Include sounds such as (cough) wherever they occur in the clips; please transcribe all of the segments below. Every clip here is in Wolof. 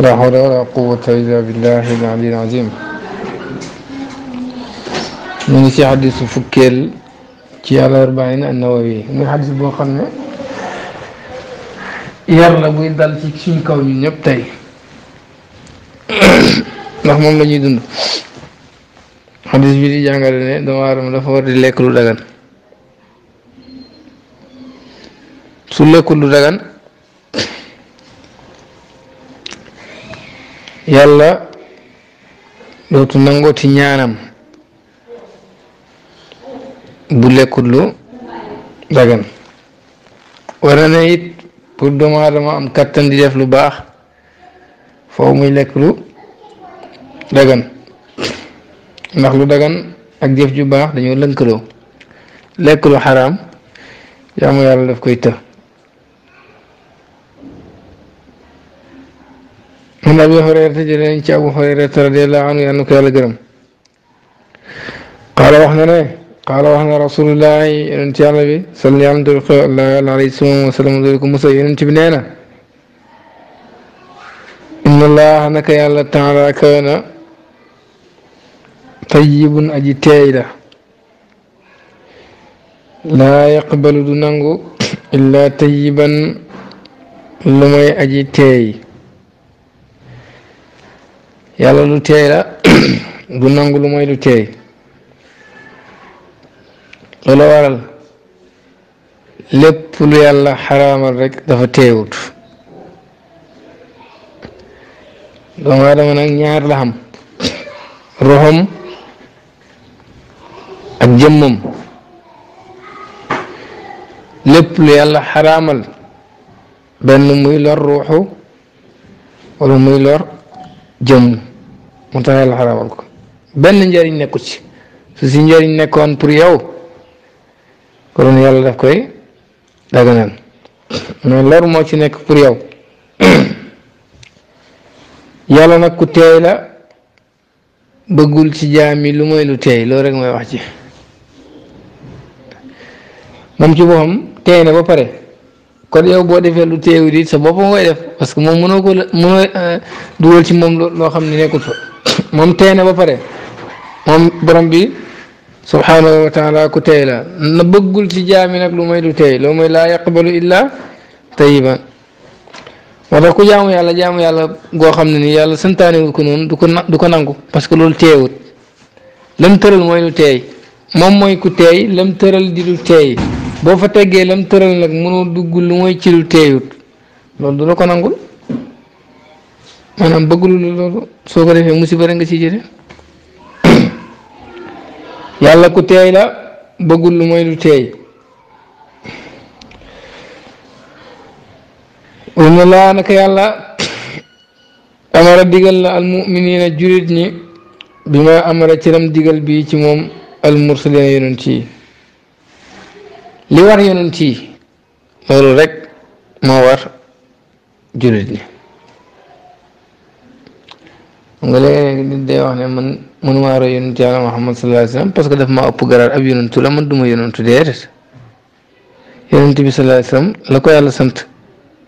ولا حول ولا قوة إلا بالله العلي العظيم ñu ngi ci xadisu ci al-arba'iin an-nawawi boo xam ne yar la buy dal ci suñ kaw ñu ñëpp tey ndax moom la ñuy dund xadis bi di jàngale ne doomu aadama dafa war di lekk lu dagan su lekkul lu dagan yàlla dootu ci ñaanam bu lekkut lu dagan wala ne it pour doomu aadama am kattan di def lu baax foofu muy lekk lu dagan ndax lu dagan ak jëf ju baax dañoo lënkaloo lekk lu xaraam jaamu yàlla daf koy të an abi hurayrata jële nañ ci abu hurayrata radiallahu anhu yàlla na ko yàlla gërëm qaala wax na ne qaala wax na rasulullahi yonent yàlla bi salli yàlla na ko allah alayhi wasallam dole ko musa yonent bi nee na inna allah naka yàlla taala kawe na tayyibun aji teey la laa yaqbalu du nangu illa tayyiban lu may aji teey yàlla lu teey la du nangu lu mooy lu teey loolu waral lépp lu yàlla xaraamal rek dafa teewut doomu aadama nag ñaar la xam ak jëmmam lépp lu yàlla xaraamal benn muy lor ruuxu wala muy lor jëmm mu tax yàlla xaraamal ko benn njëriñ nekkut ci si njëriñ nekkoon pour yow kon yàlla daf koy daganal mais lor moo ci nekk pour yow (clears throat) yàlla nag ku teey la bëggul ci jaam yi lu mooy lu teey loolu rek mooy wax ci moom ci boppam teey na ba pare kon yow boo defee lu teewu di sa bopp nga koy def parce que moom mënoo ko mënoo euh, dugal ci moom loo xam ne nekkut fa moom tey na ba pare moom borom bi subhanahu wa taala ku tey la na bëggul ci jaami nag lu may lu tey loo mooy laa yaqbalu illa tayiban moo tax ku jaamu yàlla jaamu yàlla goo xam ne nii yàlla santaanewut ko du ko du ko nangu parce que loolu teewut lam tëral mooy lu teey moom mooy ku teey lam tëral di lu teey boo fa teggee lam tëral nag mënoo dugg lu mooy ci lu teeyut loolu du la ko nangu maanaam bëggul la loolu soo ko defee musiba nga ci jëre yàlla ku teey la bëggul lu mooy lu teey wa na laa naka yàlla (coughs) amara digal la almuminina jurit ñi bi ma amara cëram digal bii ci moom almursalina yonent yi li war yonent yi loolu rek moo war jurit ñi nga léeg-léeg nit day wax ne man mënumaa roy yonentu yàlla Muhammad sallallahu alayhi wa sallam parce que daf maa a garaat ab yonentu la man du ma yonentu déedéet bi sallallahu alayhi la ko yàlla sant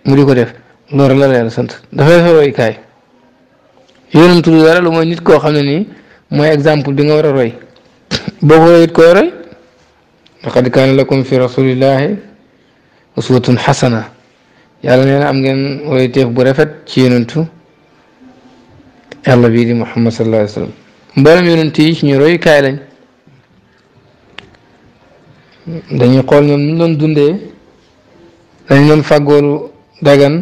mu di ko def loolu la la yàlla sant dafay fa roy kaay yonentu lu dara lu mooy nit koo xam ne nii mooy exemple bi nga war a roy (coughs) boo ko roy it koy roy laqad kaana lakum fi rasulillahi uswatun xasana yàlla nee na am ngeen roy teef bu rafet ci yonentu yàlla bii di muhammad sallallahu alayhi wa sallam mboolem yonent yi ci ñu royu kaay lañ dañuy xool ñoom ñu doon dundee dañ doon fàggoolu dagan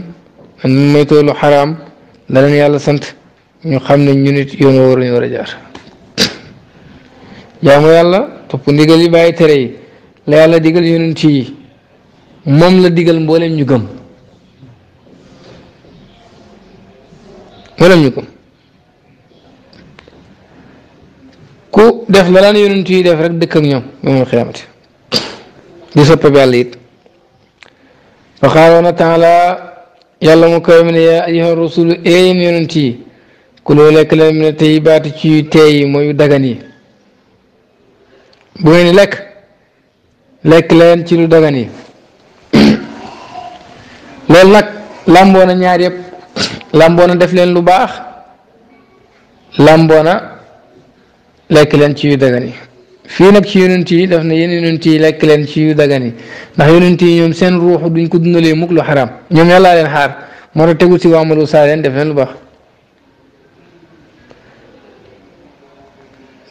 dañ doon moytoolu xaraam la leen yàlla sant ñu xam ne ñu nit yoon woo war a jaar jaamu yàlla topp ndigal yi bàyyi tere la yàlla digal yonent yi moom la digal mboolem ñu gëm mboolem ñu gëm def la lan yonent yi def rek dëkk ak ñoom moom xiyaamati di soppab yàlla it wa qaala taala yàlla mu koy mu ne yaa ayyuha rasulu eeyam yonent yi ku loo lekk leen mu ne tey baati ci yu teey mooy dagan yi bu ngeen lekk lekk leen ci lu dagan yi loolu nag làmboona ñaar yëpp làmboona def leen lu baax làmboona lekk leen ci yu fii nag ci yonent yi daf ne yéen yonent yi lekk leen ci yu dagan yi ndax yonent yi ñoom seen ruux duñ ko dundalee mukk lu xaraam ñoom yàllaa leen xaar moo tax tegu si waamalu saa leen def leen lu baax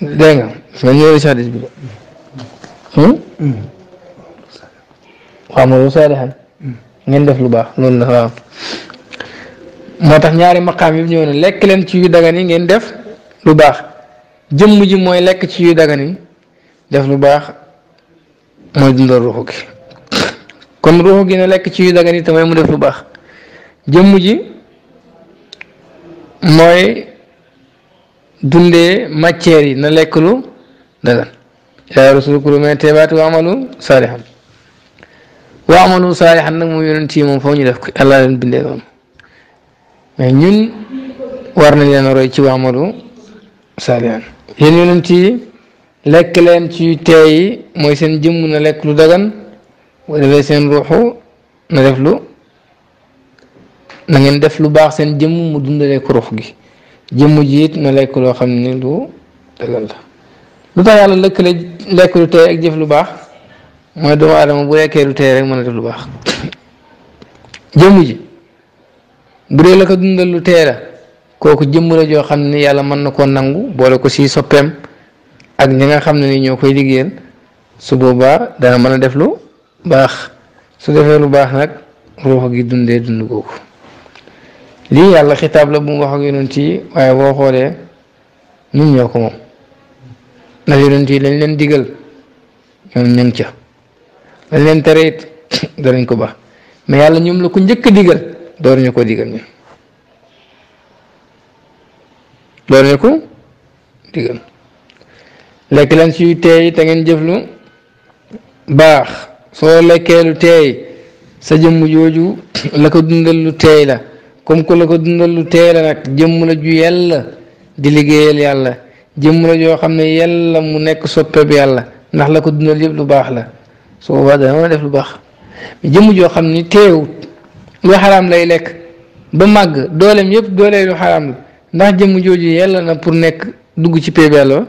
dégg nga man ñëw si hadis bi hmm? de ngeen def lu baax loolu la waaw moo tax ñaari maqaam yi ñëw lekk leen ci yu dagan yi ngeen def lu baax jëmm ji mooy lekk ci yu dagani def lu baax mooy dundal ruuxu gi kon ruuxu gi ne lekk ci yu dagani te mooy mu def lu baax jëmm ji mooy dundee matière yi na lekk lu dagan yaa rasulu kulu min teebaati wa amalu saalihan wa amalu nag moom yonent yi foo ñu def ko yàlla leen bindee noonu mais ñun war nañ leen roy ci wa amalu yéen yonent yi lekk leen ci teey yi mooy seen jëmm na lekk lu dagan boo defee seen ruuxu na def lu na ngeen def lu baax seen jëmm mu dundalee ko ruux gi jëmm ji it na lekk loo xam ni lu dagan la lu tax yàlla lëkkale lekk lu teey ak jëf lu baax mooy doomu aadama bu lekkee lu teey rek mën a def lu baax jëmm ji bu dee la ko dundal lu teey la kooku jëmm la joo xam ne yàlla mën na koo nangu boole ko si soppeem ak ñi nga xam ne ni ñoo koy liggéeyal su boobaa dana mën a def lu baax su defee lu baax nag ruux gi dundee dund googu lii yàlla xitaab la bu mu wax ak yonent yi waaye boo xoolee ñun ñoo ko moom ndax yonent lañ leen digal ñoom ña ca lañ leen tere it (coughs) danañ ko baax mais yàlla ñoom la ko njëkk a digal door ñu ko digal ñun. loolu ne ko digal lekk leen ci teey te ngeen jëf lu baax soo lekkee lu teey sa jëmm jooju (coughs) la ko dundal lu teey la comme que la ko dundal lu teey la nag jëmm la ju yàlla di liggéeyal yàlla jëmm la joo xam ne yàlla mu nekk soppeeb yàlla ndax la ko dundal yëpp lu baax la su boobaa dana mën a def lu baax jëmm joo xam ni teewut lu xaraam lay lekk ba màgg dooleem yëpp doolee lu xaraam la ndax jëmm jooju yàlla na pour nekk dugg ci pay bi yàlla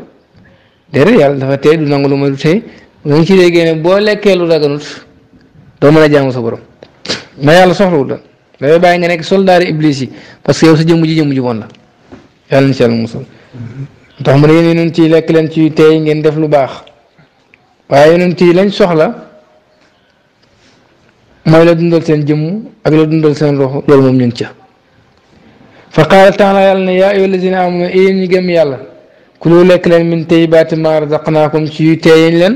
yàlla dafa tey du nangu lu may du tey lu ngi ci déggee ne boo lekkee lu daganut doo mën a jaamu sa borom mais yàlla soxlawul la dafay bàyyi nga nekk soldaari iblis yi parce que yow sa jëmm ji jëmm ji woon la yàlla na ci yàlla musal tax mu ne yéen yonent yi lekk leen ci tey ngeen def lu baax waaye yenn yi lañ soxla mooy la dundal seen jëmm ak la dundal seen rox loolu moom ñu ngi ca فقال تعالى يا أيها الذين آمنوا إن جميع الله كلوا لك لن من تيبات ما رزقناكم تيتين لن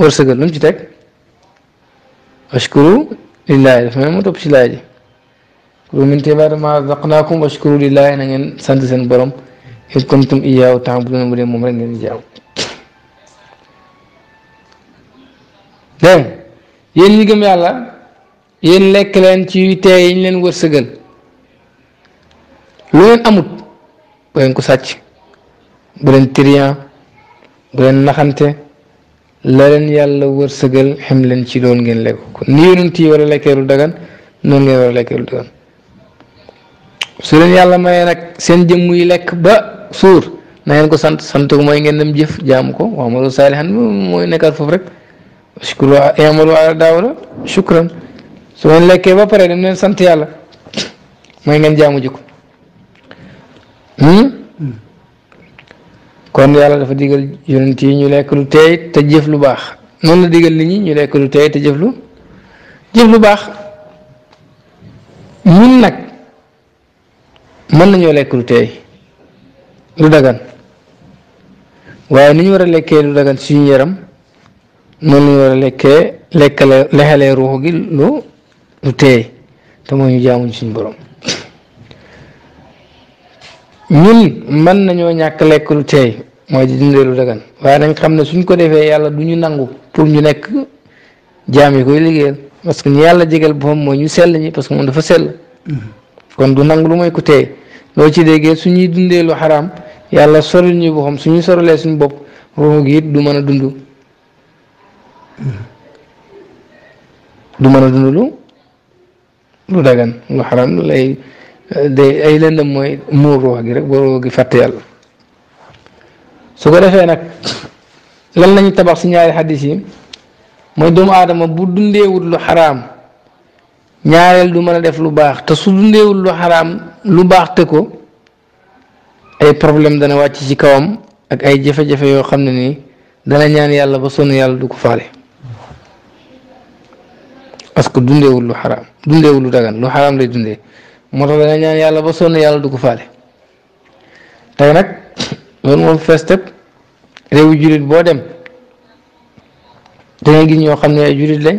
ورسق لن تتك أشكروا لله فما متبش لاجي كلوا من تيبات ما رزقناكم أشكروا لله أن ين سند سن برم إن كنتم إياه وتعبدون مري ممرين جاو لا ين جميع الله ين لك لن تيتين لن ورسق لن lu leen amut bu leen ko sàcc bu leen tiriyan bu leen naxante la leen yàlla wërsëgal xem leen ci loolu ngeen lekk ko ni yonent yi war a lekkee lu dagan noonu ngeen war lekkee lu dagan su leen yàlla mayee nag seen jëmm yi lekk ba suur na ko sant sant ko mooy ngeen dem jëf jaamu ko waaw ma saalihan foofu rek shukru imalu ala daawuda su ngeen lekkee ba pare da leen sant yàlla mooy ngeen jaamu jikko Hmm? Hmm. kon yàlla dafa digal yonent yi ñu lekk lu teey te jëf lu baax noonu la digal nit ñi ñu lekk lu teey te jëf lu jëf lu baax mun nag mën nañoo lekk lu teey lu dagan waaye ni ñu war a lekkee lu dagan suñu yaram noonu la ñu war a lekkee lekkale lexalee ruux gi lu lu teey te moo ñu jaamuñ suñu borom ñun mën nañoo ñàkk lekk lu teey mooy di dundee lu dagan waaye dañ xam ne suñ ko defee yàlla du ñu nangu pour ñu nekk jaam yi koy liggéeyal parce que ñu yàlla jégal boppam mooy ñu sell ñi parce que moom dafa sell kon du nangu lu mooy ku teey loo ci déggee suñuy dundee lu xaraam yàlla soril ñu boppam suñu soralee suñu bopp ruux gi du mën a dund du mën a dund lu lu dagan lu xaraam lay de ay lëndam mooy muur ruux gi rek boo ruux gi fàtte yàlla su ko defee nag lan lañu tabax si ñaari xaddis yi mooy doomu aadama bu dundeewut lu xaraam ñaareel du mën a def lu baax te su dundeewul lu lu baax te ko ay problème dana wàcc ci kawam ak ay jafe yoo xam ne nii dana ñaan yàlla ba sonn yàlla du ko faale parce que dundeewul lu xaraam dundeewul lu dagan lu xaraam lay dundee moo tax dana ñaan yàlla ba sonn yàlla du ko faale tey nag loolu moom fees tëb réewu jullit boo dem da gis ñoo xam ne ay jullit lañ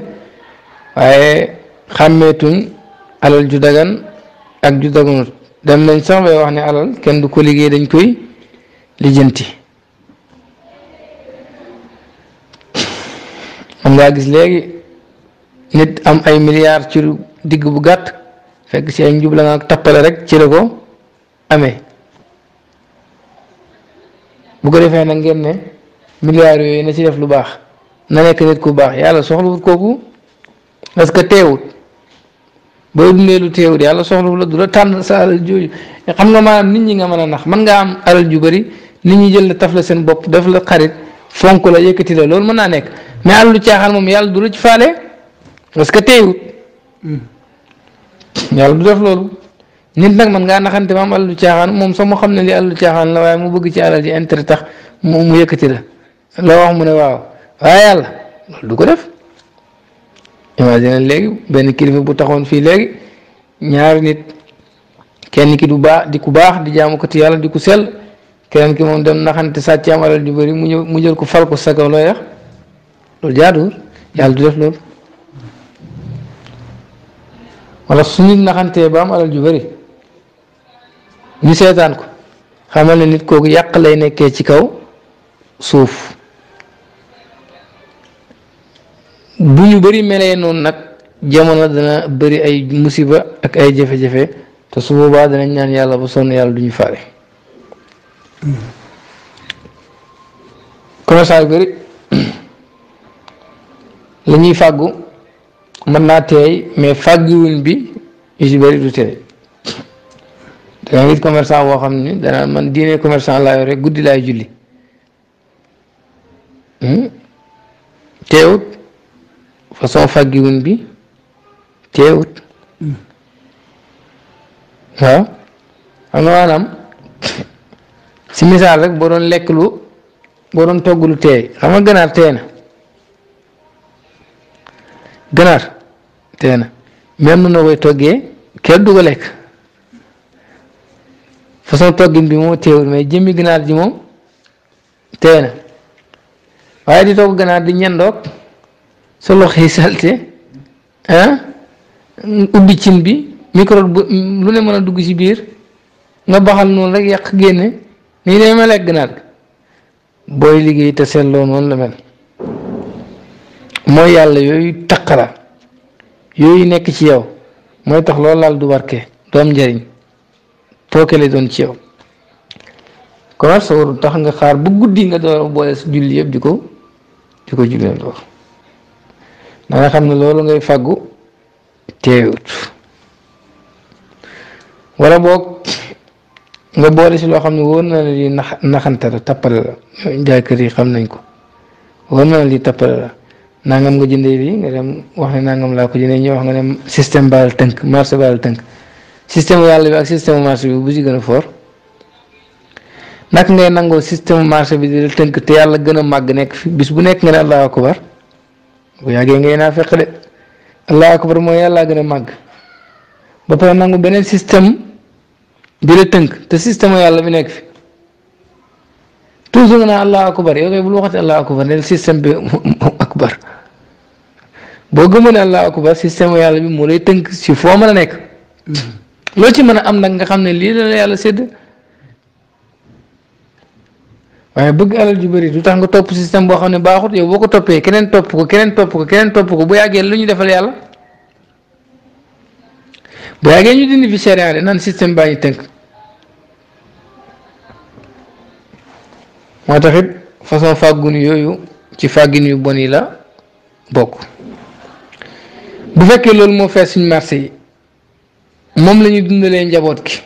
waaye xàmmeetuñ alal ju dagan ak ju daganut dem nañ sax bay wax ne alal kenn du ko liggéey dañ koy lijjanti man ngaa gis léegi nit am ay milliards ci digg bu gàtt fekk si ay njubla nga ak tappale rek ci la ko amee bu ko defee nag ngeen ne milliards yooyu na ci def lu baax na nekk nit ku baax yàlla soxlawut kooku parce que teewut boo dundee lu teewut yàlla soxlawut la du la tànn sa alal jooju xam nga maanaam nit ñi nga mën a nax mën nga am alal ju bëri nit ñi jël la taf la seen bopp def la xarit fonk la yëkkati la loolu mën naa nekk mais alal lu moom yàlla du la faale parce que teewut hmm. yàlla du def loolu nit nak man nga naxante ma allu tiaxan mom sama xamne mu li allu tiaxan la way mu bëgg ci alal ji intérêt tax mu mu yëkëti la la wax mu ne waaw wa yalla du ko def imagine léegi ben kilifa bu taxone fi léegi ñaar nit kenn ki du ba di ku bax di jaamu ko ti yalla di ku sel kenn ki mom dem naxante sa ci amal ju bari mu mu jël ko fal ko wax du def wala suñu naxantee ba am alal ju bari ñu seetaan ko xamal na nit kooku yàq lay nekkee ci kaw suuf bu ñu bëri melee noonu nag jamono dana bari ay musiba ak ay jafe-jafe te su boobaa danañ ñaan yàlla ba sonn yàlla du fare faale commerçant yu bëri (clears throat) la fàggu mën naa teey mais fàggiwuñ bi yu si bëri du tere da nga gis commerçant xam ne danaa man diine commerçant laa yore guddi laay julli hmm? teewut façon fàggiwuñ bi teewut hmm. waaw xam nga maanaam si misaal rek boo doon lekk lu boo doon togg lu teey xam nga ganaar teey na ganaar tee na même nu noo koy toggee kenn du ko lekk façon toggin bi moo teewul mais jëmmi ganaar ji moom tee na waaye di togg ganaar di ñendoog sa loxo yi salte ah ubbi cin bi microbe bu lu ne mën a dugg ci biir nga baxal noonu rek yàq génne nii ne ma lekk ganaar booy liggéey te seetloo noonu la mel mooy yàlla yooyu taqara yooyu nekk ci yow mooy tax loolu laal du barke du am njëriñ tooke lay doon ci yow kon sa warul tax nga xaar bu guddi nga door boole sa julli yëpp di ko di ko jullee loolu da xam ne loolu ngay fàggu teewut wala boog nga boole si loo xam ne wóor na la li naxante la tappale la jaay kër yi xam nañ ko wóor na la li tappale la nangam nga jëndee lii nga dem wax ne nangam laa ko jëndee ñu wax nga ne système baal tënk marché baal tënk système yàlla bi ak système marché bi bu ci gën a fort naka nangoo système marché bi tënk te gën a màgg nekk fi bu nekk nga ne allahu akbar bu yàggee ngay gën a màgg nangu beneen système di tënk te système yàlla bi nekk fi toujours nga naan allahu bul waxati allahu akbar ne système bi (laughs) akbar boo gëmoon ne allah akubar système yalla bi moo lay teunk ci fo mën ci mëna am nak nga xam ne la yalla yàlla sédd waaye bëgg alal ju bari du tax nga top système boo xam ne baaxut yow boko topé keneen top ko keneen top ko keneen top ko bu yagge lu ñu defal yalla bu yagge ñu dindi fi sharia le nan système bañu teunk mo taxit façon fàggun yooyu ci la bu fekkee loolu moo fees suñ marché yi moom lañuy dundalee njaboot gi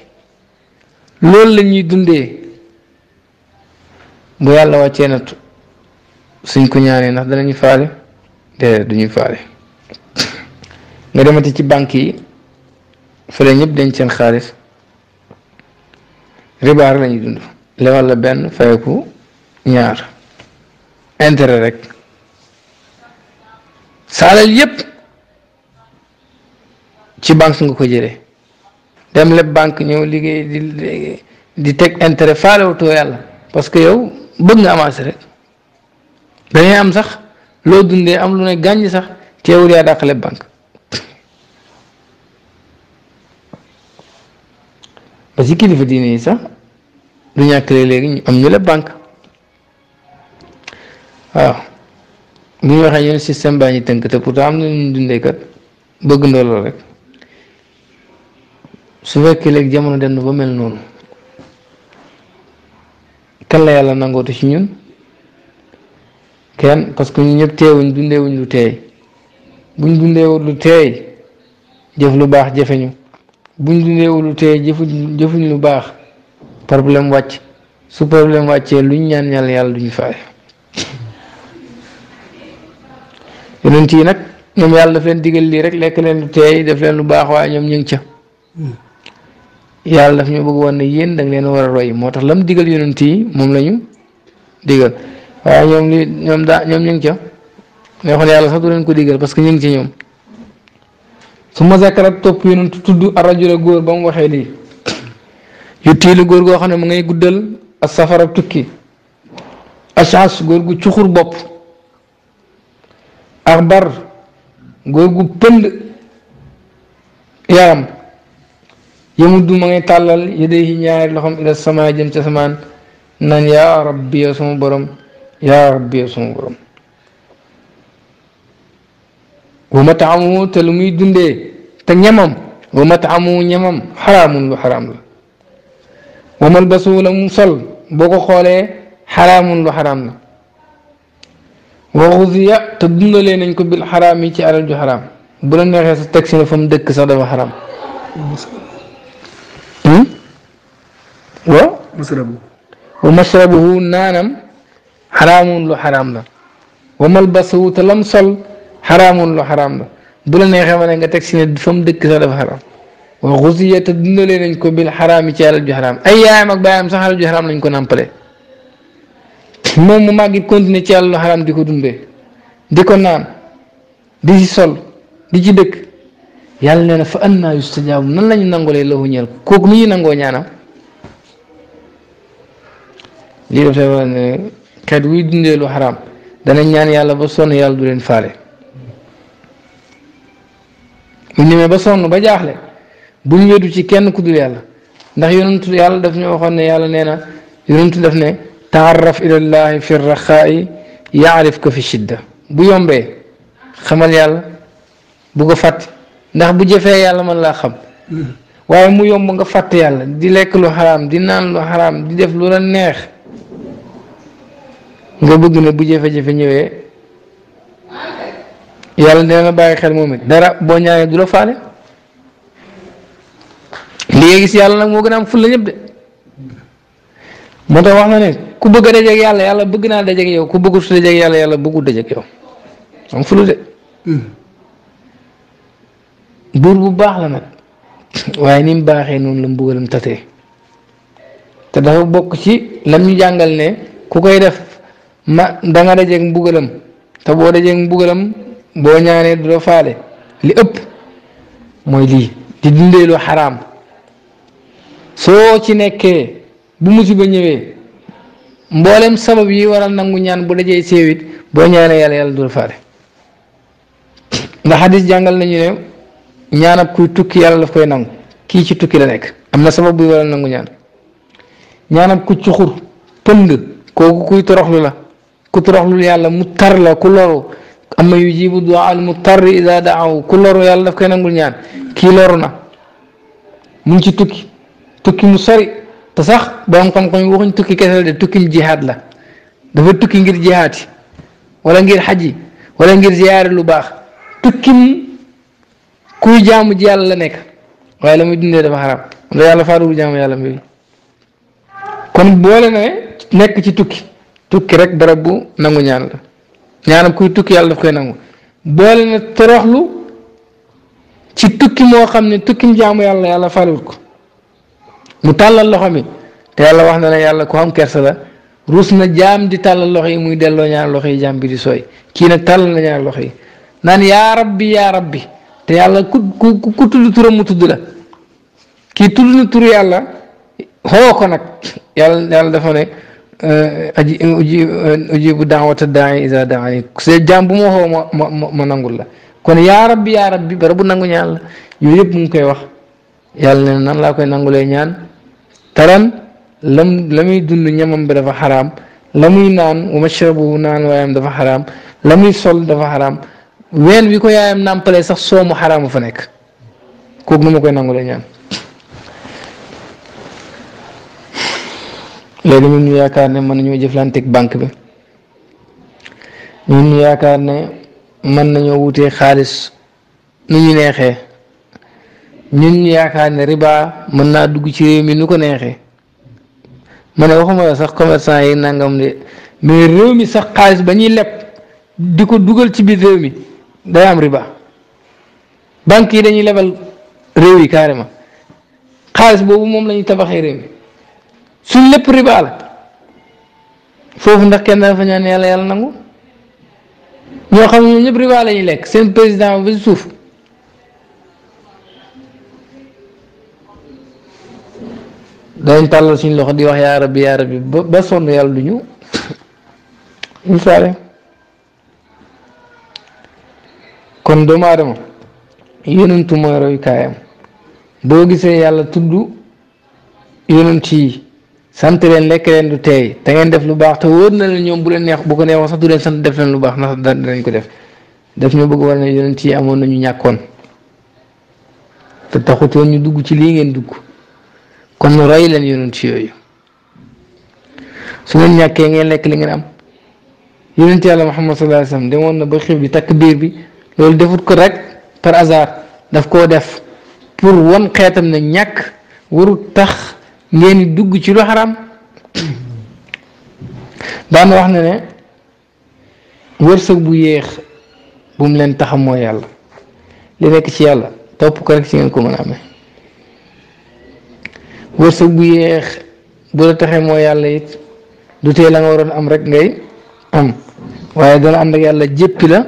loolu la ñuy dundee bu yàlla wàccee nattu suñ ko ñaanee ndax danañu faale déedéet duñu faale nga demati ci banque yi fële ñëpp dañ seen xaalis ribaar lañuy ñuy dund lewal la benn fayeku ñaar intérêt rek saalal yépp ci banque nga ko jëlee dem leb banque ñëw liggéey di di teg intérêt faalewutoo yàlla parce que yow bëgg nga avancer rek dangay am sax loo dundee am lu ne gàññ sax teewul yaa dàq leb banque ba ci kilifa diine yi sax du ñàkk léegi ñu am ñu leb banque waaw bu ñu waxee ñu ne système baa ñu tënk te pourtant am na ñu dundee kat bëgg ndooloo rek. su fekkee léegi jamono dem na ba mel noonu kan la yàlla nangootu ci ñun kenn parce que ñu ñëpp teewuñ dundeewuñ lu teey buñ dundeewul lu teey jëf lu baax jafeñu buñ dundeewul lu teey jëfuñ jëfuñ lu baax problème wàcc su problème wàccee luñ ñaan ñal yàlla duñu faay yonent yi nag ñoom yàlla daf leen digal lii rek lekk leen lu teey def leen lu baax waaye ñoom ñu ngi ca hmm. yàlla daf ñu bëgg woon na yéen da nga leen war a roy moo tax lam digal yonent yi moom la ñu digal waaye ñoom li ñoom daa ñoom ñu yàlla sax leen ko digal parce que ñu ngi ci ñoom su ma zakarat topp yonent tudd arajula góor ba waxee lii yu tiilu góor goo xam ne mu ngay guddal ak safara tukki achas góor gu cuxur bopp axbar góor gu pënd yaram yamut du ma ngay tàllal yadayhi ñaari loxoom ila sama jëm ca samaan naan yaa rabbi yow sama borom yaa rabbi yow sama borom wa mataamu te lu muy dundee te ñamam wa mataamu ñamam xaraamun lu xaraam la wa malbasu la mu boo ko xoolee xaraamun lu xaraam la wa xuziya te dundalee nañ ko bil xaraam yi ci alal ju xaraam bu la neexee sa teg si ne dëkk sax dafa xaraam wa masrabuhu wa masrabuhu naanam xaraamun lu xaraam la wa malbasuhu te lam sol xaraamun lu xaraam la bu la neexee ma ne nga teg si ne fa mu dëkk sax dafa xaraam wa xusiya te dundalee nañ ko bil xaraam yi ci alal ju xaraam ay yaayam ak baayam sax alal lañ ko nàmpale moom mu màgg it ci alal lu xaraam di ko dundee di ko naan di ci sol di ci dëkk yàlla nee na fa annaa yustajaabu nan lañu ñu nangolee lahu ñeel ko kooku nu ñuy nangoo ñaanam lii dafay wax ne xeet wuy dundee lu xaraam danañ ñaan yàlla ba sonn yàlla du leen faale bu ñemee ba sonn ba jaaxle buñ weddu ci kenn ku dul yàlla ndax yonentu yàlla daf ñu waxoon ne yàlla nee na yonentu def ne taarraf ilallahi fi raxaa'i bu yombee xamal yàlla bu bu jëfee yàlla mën laa xam mm-hmm. waaye mu yomb nga fàtte yàlla di lekk lu xaraam di naan lu xaraam di def lu la neex nga bëgg ne bu jafe-jafe ñëwee yàlla nee na bàyyi xel moom it dara boo ñaanee du la faale li nga yàlla nag moo gën a am ful la ñëpp de moo tax wax na ne ku bëgg a dajeeg yàlla yàlla bëgg naa dajeeg yow ku bëggu su dajeeg yàlla yàlla bëggu dajeeg yow am fulu de buur bu baax la nag waaye ni mu baaxee noonu la mbugalam tatee te dafa bokk ci lam ñu jàngal ne ku koy def ma da nga dajeeg mbugalam te boo dajeeg mbugalam boo ñaanee du la faale li ëpp mooy lii di dundee lu xaraam soo ci nekkee bu musiba ñëwee mboolem sabab yi waral nangu ñaan bu dajee séewit boo ñaanee yàlla yàlla du la faale ndax xadis jàngal nañu ne ñaanab kuy tukki yàlla daf koy nangu kii ci tukki la nekk am na sabab buy waral nangu ñaan ñaanab ku cuxur pënd kooku kuy toroxlu la ku toroxlul yàlla mu tar la ku loru ama yujibu duaa al mutarri ida daaw ku loru yàlla daf koy nangul ñaan kii loru na mu ci tukki tukki mu sori te sax borom xam-xam yi waxuñ tukki kese la de tukkim jihaad la dafa tukki ngir jihaad yi ngir xaj yi wala ngir ziyaare lu baax tukkim kuy jaamu ji yàlla la nekk waaye la muy dundee dafa xaraam ndax yàlla faaduwul jaamu yàlla mbir kon boole ne nekk ci tukki. tukki rek barab bu nangu ñaan la ñaanam kuy tukki yàlla daf koy nangu boole na toroxlu ci tukki moo xam ne tukkim jaamu yàlla yàlla faluwut ko mu tàllal loxo mi te yàlla wax na ne yàlla ku am kersa la ruus na jaam di tàllal loxo yi muy delloo ñaar loxo yi jaam bi di sooy kii nag tàllal na ñaar loxo yi naan yaa rabbi yaa rabbi te yàlla ku ku ku tudd turam mu tudd la kii tudd na tur yàlla xoo ko nag yàlla dafa ne. Eh, aji uji ujibu daawata daai isa daani ma xoo ma ma nangul la kon yaa rabbi yaa rabbi bara bu nangu ñaan la yooyu yëpp mu ngi koy wax yàlla ne nan laa koy nangulee ñaan taran lam la muy dund ñamam bi dafa xaraam la muy naan wa la muy sol dafa xaram ween wi ko yaayam nàmpalee sax soomu xaraam fa nekk kook nu ma koy nangulee ñaan léegi ñun ñu yaakaar ne mën nañoo jëflanteeg banque bi ñun ñu yaakaar ne mën nañoo wutee xaalis nu ñu neexee ñun ñu yaakaar ne riba mën naa dugg ci réew mi nu ko neexee ma ne waxuma la sax commerçant yi nangam de mais réew mi sax xaalis ba ñuy leb di ko dugal ci biir réew mi day am riba banque yi dañuy lebal réew yi carrément xaalis boobu moom lañuy ñuy tabaxee réew mi. suñ lépp riba foofu ndax kenn dafa ñaan yàlla yàlla nangu ñoo xam ñoom ñëpp riba la ñuy lekk seen président ba suuf danañ tàllal suñ loxo di wax yaa rabbi yaa rabbi ba sonn yàlla du ñu misaale (coughs) kon doomu aadama yonentu mooy royukaayam boo gisee yàlla tudd yonent yi sant leen lekk leen du teey te ngeen def lu baax te wóor na leen ñoom bu leen neex bu ko wax sax du leen sant def leen lu baax da danañ ko def daf ñu bëgg war na yonent yi amoon nañu ñàkkoon te taxutoon ñu dugg ci lii ngeen dugg kon roy leen yonent yooyu su ngeen ñàkkee ngeen lekk li ngeen am yonent yàlla Muhammad sallallahu alayhi wasallam demoon na ba xiif bi takk biir bi loolu defut ko rek par hasard daf koo def pour won xeetam ne ñàkk warut tax ngeen dugg ci lu xaram daana wax na ne wërsëg bu yéex bu mu leen taxam mooy yàlla li nekk ci yàlla topp ko rek ci ngeen ko mën a amee wërsëg bu yéex bu la taxee mooy yàlla yit du tee la nga waroon am rek ngay am waaye dana am ak yàlla jéppi la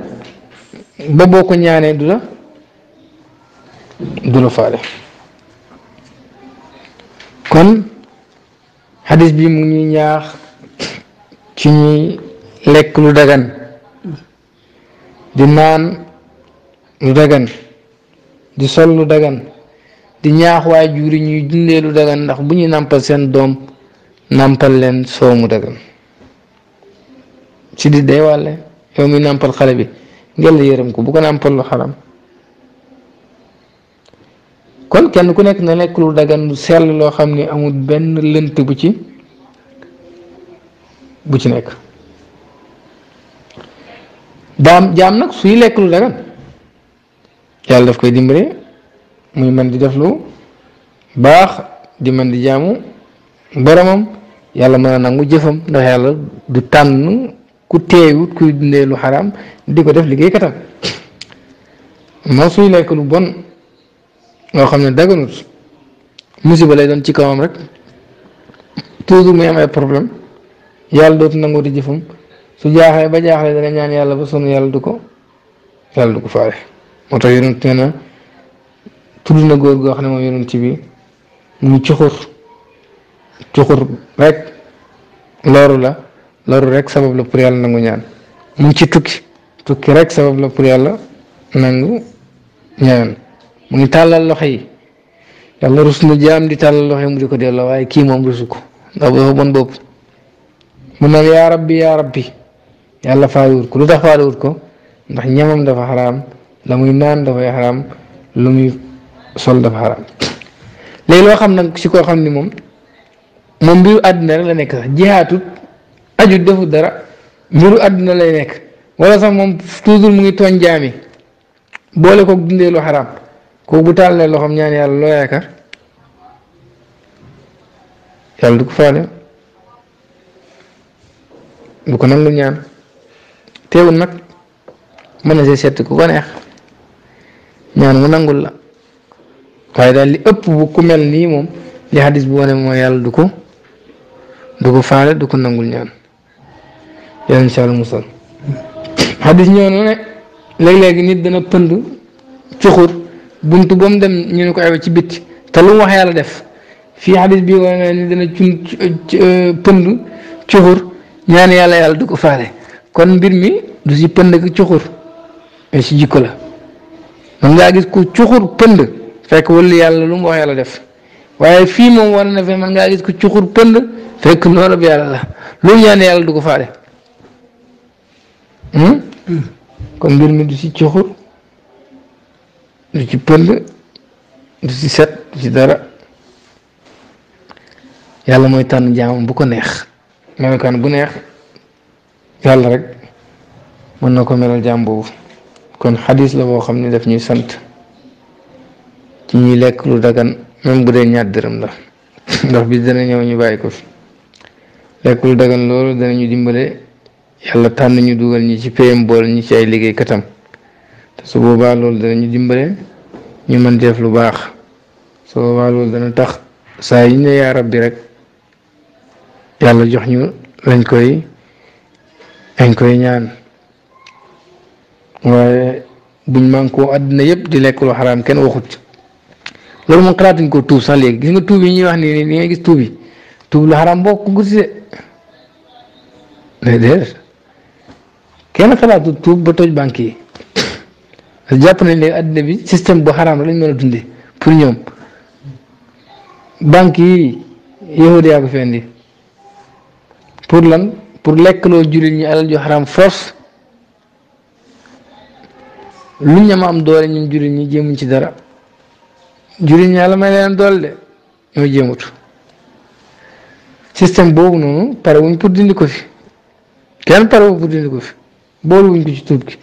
ba boo ko ñaanee du la du la faale kon xadis bi mu ngi ñaax ci ñuy lekk lu dagan di naan lu dagan di sol lu dagan di ñaax waay juri ñuy dundee lu dagan ndax bu ñuy nàmpal seen doom nàmpal leen soow mu dagan si di day wàlle yow mi nàmpal xale bi ngel yërëm ko bu ko nàmpal lu xaram kon kenn ku nekk na nekk lu dagan lu sell loo xam ne amul benn lënt bu ci bu ci nekk daam jaam nag suy lekk lu dagan yàlla daf koy dimbale muy man di def lu baax di man di jaamu boromam yàlla mën a nangu jëfam ndax yàlla du tànn ku teewut kuy dundee lu xaraam di ko def liggéey katam moom suy lekk lu bon loo xam ne daganut musiba lay doon ci kawam rek toujours muy am ay problème yàlla dootu nangooti jëfam su jaaxlee ba jaaxlee dana ñaan yàlla ba sonn yàlla du ko yàlla du ko faale moo tax yonent nee na tudd góor goo xam ne moom yonent bi mu ngi cuxur cuxur rek loru la loru rek sabab la pour yàlla nangu ñaan mu ci tukki tukki rek sabab la pour yàlla nangu ñaan mu ngi tàllal loxo yi yàlla rus na jaam di tàllal loxo yi mu di ko delloo waaye kii moom rusu ko ndax dafa bon bopp mu nag yaa rabbi yaa rabbi yàlla faalewut ko lu tax faalewut ko ndax ñamam dafa xaraam la muy naan dafay xaraam lu muy sol dafa xaraam léegi loo xam nag si koo xam ni moom la mu ngi tooñ jaami boole koog dundee lu xaraam kooku bu taal tàllalee loxoom ñaan yàlla loo yaakaar yàlla du ko faale du ko nangul ñaan teewul nag mën na see seet ku ko neex ñaan mu nangul la waaye daal li ëpp bu ku mel nii moom li xadis bu wane mooy yàlla du ko du ko faale du ko nangul ñaan yàlla incha allah musal xadis ñëw na ne léeg-léegi nit dana pënd cuxur bunt ba mu dem ñu ne ko aywa ci bitti te lu mu wax yàlla def fii xadis bi wane na ni dana euh, pënd cuxur ñaan yàlla yàlla du ko faale kon mbir mi du si pënd ak cuxur mais si jikko la man ngaa gis ku cuxur pënd fekk wala yàlla lu mu wax def waaye fii moom war gis ku cuxur la lu ñaan yàlla du ko faale hmm? Hmm. kon mbir mi du si cuxur du ci pël du ci set du ci dara yàlla mooy tànn jaamam bu ko neex melokaan bu neex yàlla rek mën na ko melal jaam boobu kon xadis la woo xam ne daf ñuy sant ci ñuy lekk lu dagan même bu dee ñaat dërëm la (laughs) ndox bis dana ñëw ñu bàyyi ko fi lekk lu dagan loolu dana ñu dimbale yàlla tànn ñu dugal ñu ci payam bool ñu ci ay liggéey katam su boobaa loolu ñu dimbale ñu mën def lu baax su boobaa loolu dana tax saa yi ñu ne yaa rabbi rek yàlla jox ñu lañ koy lañ koy ñaan waaye buñ mànkoo àddina yëpp di lekk lu xaraam kenn waxut loolu moom xalaatuñ ko tuub sax léegi gis nga tuub yi ñuy wax nii ni nga gis tuub yi tuub lu xaraam boo ko gisee kenn xalaatu tuub ba toj banque yi jàpp nañ léegi àddina bi système bu xaraam lañ mën a dundee pour ñoom bank yi yahudi yaa ko fi pour lan pour lekkloo jullit ñi alal ju xaraam force lu ñam am doole ñun jullit ñi jéemuñ ci dara jullit ñi yàlla may leen doole de ñoo jéemut système boobu noonu pare wuñ pour dindi ko fi kenn pare wuñ pour dindi ko fi boolu wuñ ko ci tuub gi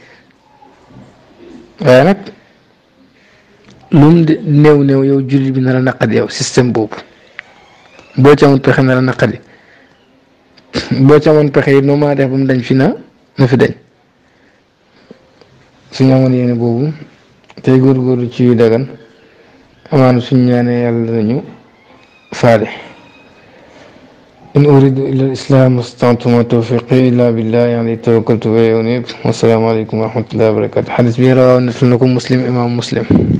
waaye nag lu mu néew néew yow jullit bi na la naqadi yow système boobu boo ci amoon pexe na la naqadi boo ci amoon pexe yi maa def ba mu dañ fi na na fi dañ suñu amoon yéene boobu tey góorgóorlu ci yu dagan amaana suñu ñaanee yàlla nañu faale إن أريد إلا الإسلام ما توفيقي إلا بالله يعني توكلت وإليه والسلام عليكم ورحمة الله وبركاته حديث به رواه مسلم إمام مسلم